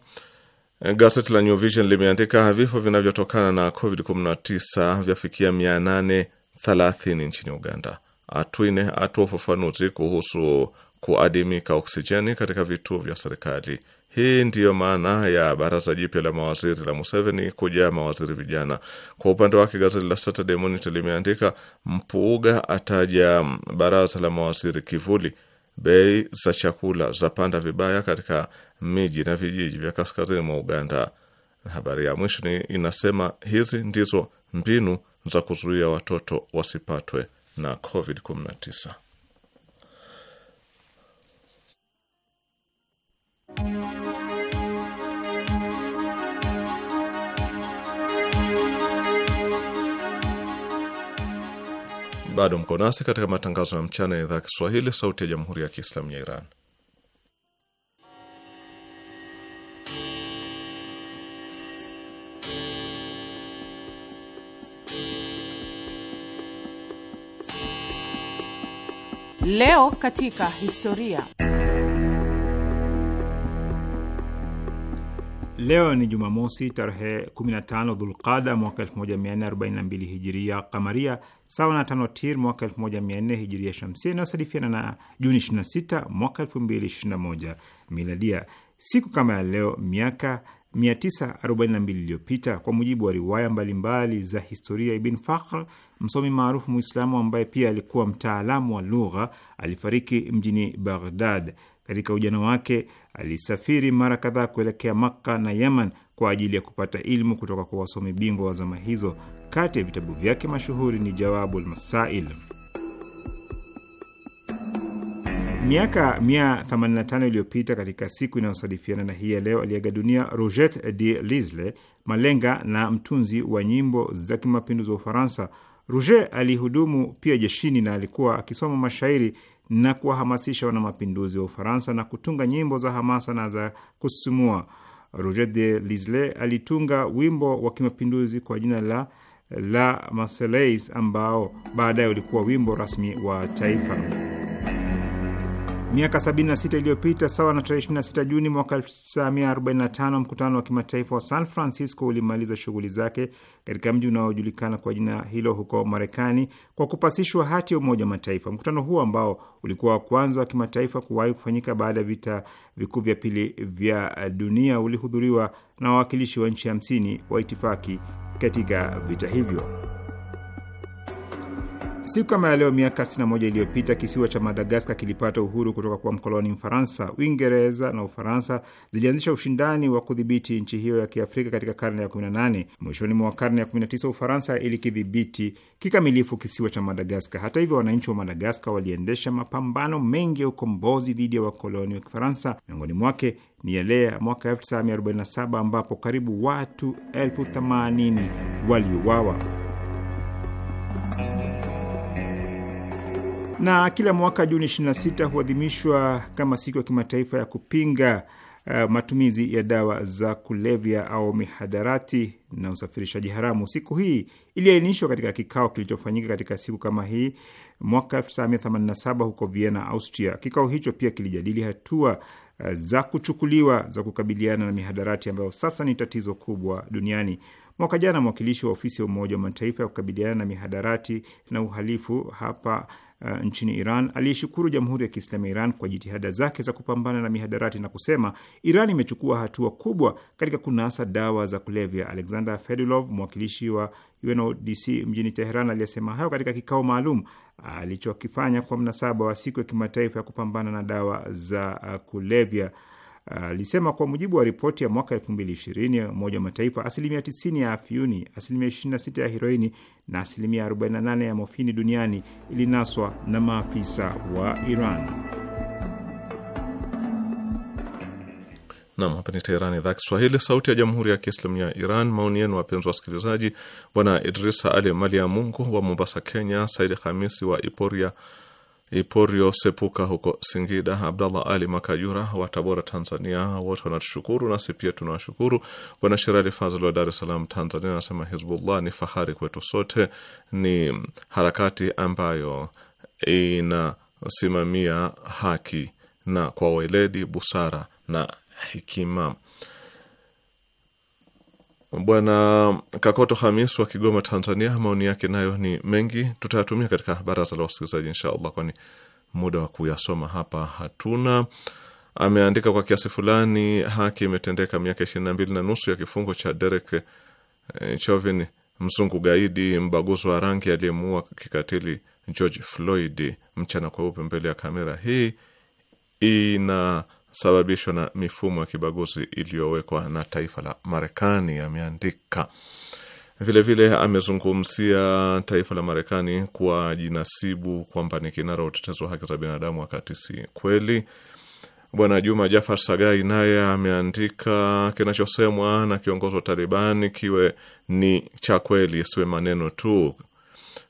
Gazeti la New Vision limeandika vifo vinavyotokana na COVID-19 vyafikia 830 nchini Uganda. Atwine atua ufafanuzi kuhusu kuadimika oksijeni katika vituo vya serikali. Hii ndiyo maana ya baraza jipya la mawaziri la Museveni kujaa mawaziri vijana. Kwa upande wake, gazeti la Saturday Monitor limeandika Mpuuga ataja baraza la mawaziri kivuli. Bei za chakula zapanda vibaya katika miji na vijiji vya kaskazini mwa Uganda. Habari ya mwisho ni inasema hizi ndizo mbinu za kuzuia watoto wasipatwe na COVID-19. Bado mko nasi katika matangazo ya mchana ya idhaa ya Kiswahili, sauti ya jamhuri ya kiislamu ya Iran. Leo katika historia Leo ni Jumamosi tarehe 15 Dhulqada mwaka 1442 hijiria kamaria, sawa na tano Tir mwaka 1400 hijiria shamsia, inayosadifiana na Juni 26 mwaka 2021 miladia. Siku kama ya leo miaka 942 iliyopita, kwa mujibu wa riwaya mbalimbali za historia, Ibn Fakhr, msomi maarufu Muislamu ambaye pia alikuwa mtaalamu wa lugha, alifariki mjini Baghdad katika ujana wake alisafiri mara kadhaa kuelekea Makka na Yemen kwa ajili ya kupata ilmu kutoka kwa wasomi bingwa wa zama hizo. Kati ya vitabu vyake mashuhuri ni jawabu Masail. Miaka 185 iliyopita katika siku inayosadifiana na hii ya leo, aliaga dunia Roget de Lisle, malenga na mtunzi wa nyimbo za kimapinduzi wa Ufaransa. Roget alihudumu pia jeshini na alikuwa akisoma mashairi na kuwahamasisha wanamapinduzi wa Ufaransa na kutunga nyimbo za hamasa na za kusisimua. Roger de Lisle alitunga wimbo wa kimapinduzi kwa jina la La Marseillaise ambao baadaye ulikuwa wimbo rasmi wa taifa. Miaka 76 iliyopita sawa na tarehe 26 Juni mwaka 1945, mkutano wa kimataifa wa San Francisco ulimaliza shughuli zake katika mji unaojulikana kwa jina hilo huko Marekani kwa kupasishwa hati ya Umoja Mataifa. Mkutano huo ambao ulikuwa wa kwanza wa kimataifa kuwahi kufanyika baada ya vita vikuu vya pili vya dunia ulihudhuriwa na wawakilishi wa nchi 50 wa itifaki katika vita hivyo. Siku kama ya leo miaka 61 iliyopita kisiwa cha Madagaskar kilipata uhuru kutoka kwa mkoloni Mfaransa. Uingereza na Ufaransa zilianzisha ushindani wa kudhibiti nchi hiyo ya Kiafrika katika karne ya 18. Mwishoni mwa karne ya 19, Ufaransa ilikidhibiti kikamilifu kisiwa cha Madagaskar. Hata hivyo, wananchi wa Madagaskar waliendesha mapambano mengi ya ukombozi dhidi ya wakoloni wa Kifaransa. Miongoni mwake ni yale ya mwaka 1947 ambapo karibu watu elfu themanini waliuawa. na kila mwaka Juni 26 huadhimishwa kama siku ya kimataifa ya kupinga uh, matumizi ya dawa za kulevya au mihadarati na usafirishaji haramu. Siku hii iliainishwa katika kikao kilichofanyika katika siku kama hii mwaka 1987 huko Vienna, Austria. Kikao hicho pia kilijadili hatua uh, za kuchukuliwa za kukabiliana na mihadarati ambayo sasa ni tatizo kubwa duniani. Mwaka jana mwakilishi wa ofisi ya Umoja wa Mataifa ya kukabiliana na mihadarati na uhalifu hapa uh, nchini Iran aliyeshukuru Jamhuri ya Kiislamu ya Iran kwa jitihada zake za kupambana na mihadarati na kusema Iran imechukua hatua kubwa katika kunasa dawa za kulevya. Alexander Fedulov, mwakilishi wa UNODC mjini Teheran, aliyesema hayo katika kikao maalum alichokifanya kwa mnasaba wa siku ya kimataifa ya kupambana na dawa za uh, kulevya. Uh, alisema uh, kwa mujibu wa ripoti ya mwaka elfu mbili ishirini ya Umoja wa Mataifa, asilimia tisini ya afyuni, asilimia ishirini na sita ya heroini na asilimia arobaini na nane ya mofini duniani ilinaswa na maafisa wa Iran. Nam, hapa ni Teherani, idhaa Kiswahili, sauti ya jamhuri ya kiislamu ya Iran. Maoni yenu wapenzi wa wasikilizaji. Bwana Idrisa Ali Mali ya Mungu wa Mombasa, Kenya, Saidi Hamisi wa Iporia Iporio Sepuka huko Singida, Abdallah Ali Makajura wa Tabora, Tanzania, wote wanatushukuru, nasi pia tunawashukuru. Bwana Sherali Fazl wa Dar es Salaam, Tanzania, anasema Hizbullah ni fahari kwetu sote, ni harakati ambayo inasimamia haki na kwa weledi, busara na hikima Bwana Kakoto Hamis wa Kigoma, Tanzania, maoni yake nayo ni mengi, tutayatumia katika baraza la wasikilizaji insha kwani muda wa kuyasoma hapa hatuna. Ameandika kwa kiasi fulani haki imetendeka, miaka ishirini na mbili na nusu ya kifungo cha Derek eh, Chauvin, mzungu gaidi mbaguzi wa rangi aliyemuua kikatili George Floyd mchana kweupe mbele ya kamera. Hii ina sababishwa na mifumo ya kibaguzi iliyowekwa na taifa la Marekani, ameandika. Vilevile amezungumzia taifa la Marekani kuwa jinasibu kwamba ni kinara utetezi wa haki za binadamu, wakati si kweli. Bwana Juma Jafar Sagai naye ameandika, kinachosemwa na kiongozi wa Talibani kiwe ni cha kweli, isiwe maneno tu.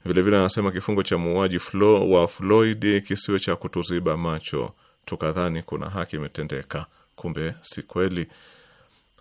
Vilevile anasema kifungo cha muuaji wa Floyd kisiwe cha kutuziba macho tukadhani kuna haki imetendeka, kumbe si kweli,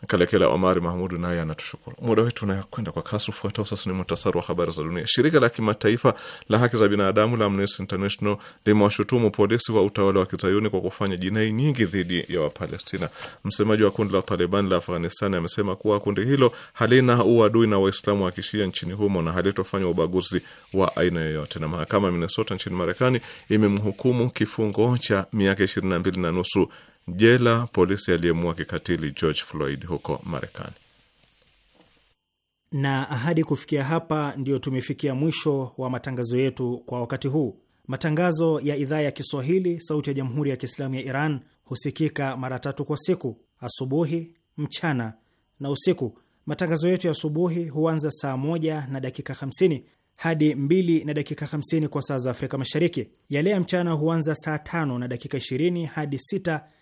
Kalekela Omari Mahmudu naye anatushukuru. Muda wetu unakwenda kwa kasi. Ufuatao sasa ni muhtasari wa habari za dunia. Shirika la kimataifa la haki za binadamu la Amnesty International limewashutumu polisi wa utawala wa kizayuni kwa kufanya jinai nyingi dhidi ya Wapalestina. Msemaji wa kundi la Taliban la Afghanistan amesema kuwa kundi hilo halina uadui na Waislamu wa kishia nchini humo na halitofanywa ubaguzi wa aina yoyote. Na mahakama ya Minnesota nchini Marekani imemhukumu kifungo cha miaka ishirini na mbili na nusu jela polisi aliyemua kikatili George Floyd huko Marekani. Na ahadi kufikia hapa, ndiyo tumefikia mwisho wa matangazo yetu kwa wakati huu. Matangazo ya idhaa ya Kiswahili sauti ya jamhuri ya Kiislamu ya Iran husikika mara tatu kwa siku: asubuhi, mchana na usiku. Matangazo yetu ya asubuhi huanza saa moja na dakika 50 hadi 2 na dakika 50 kwa saa za Afrika Mashariki. Yale ya mchana huanza saa tano na dakika ishirini hadi sita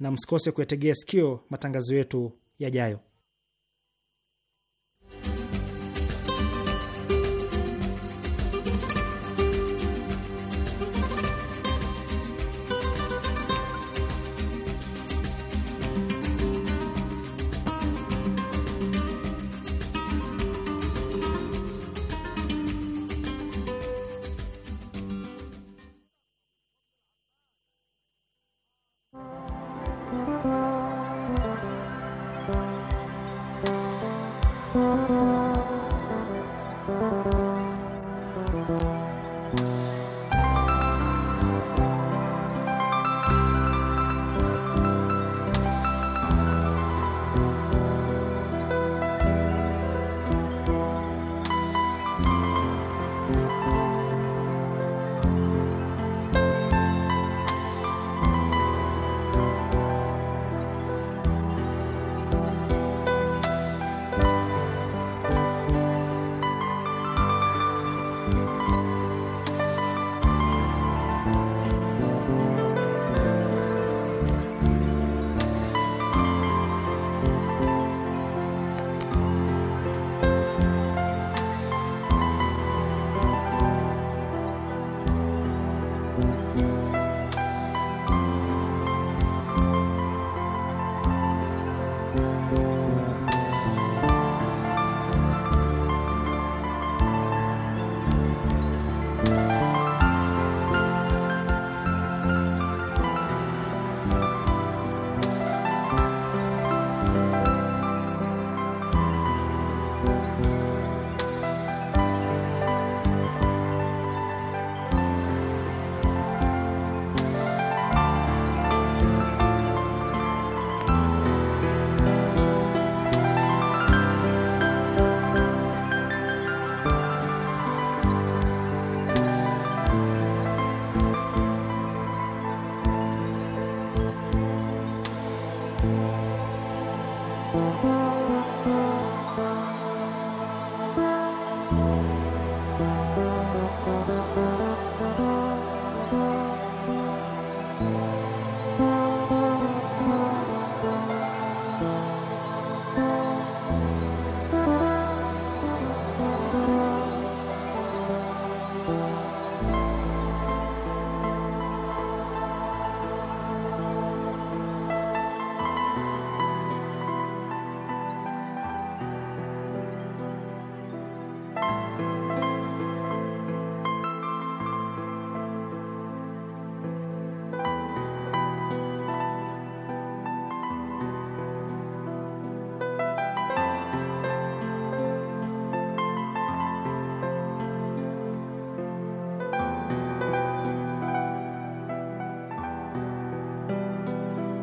na msikose kuyategea sikio matangazo yetu yajayo.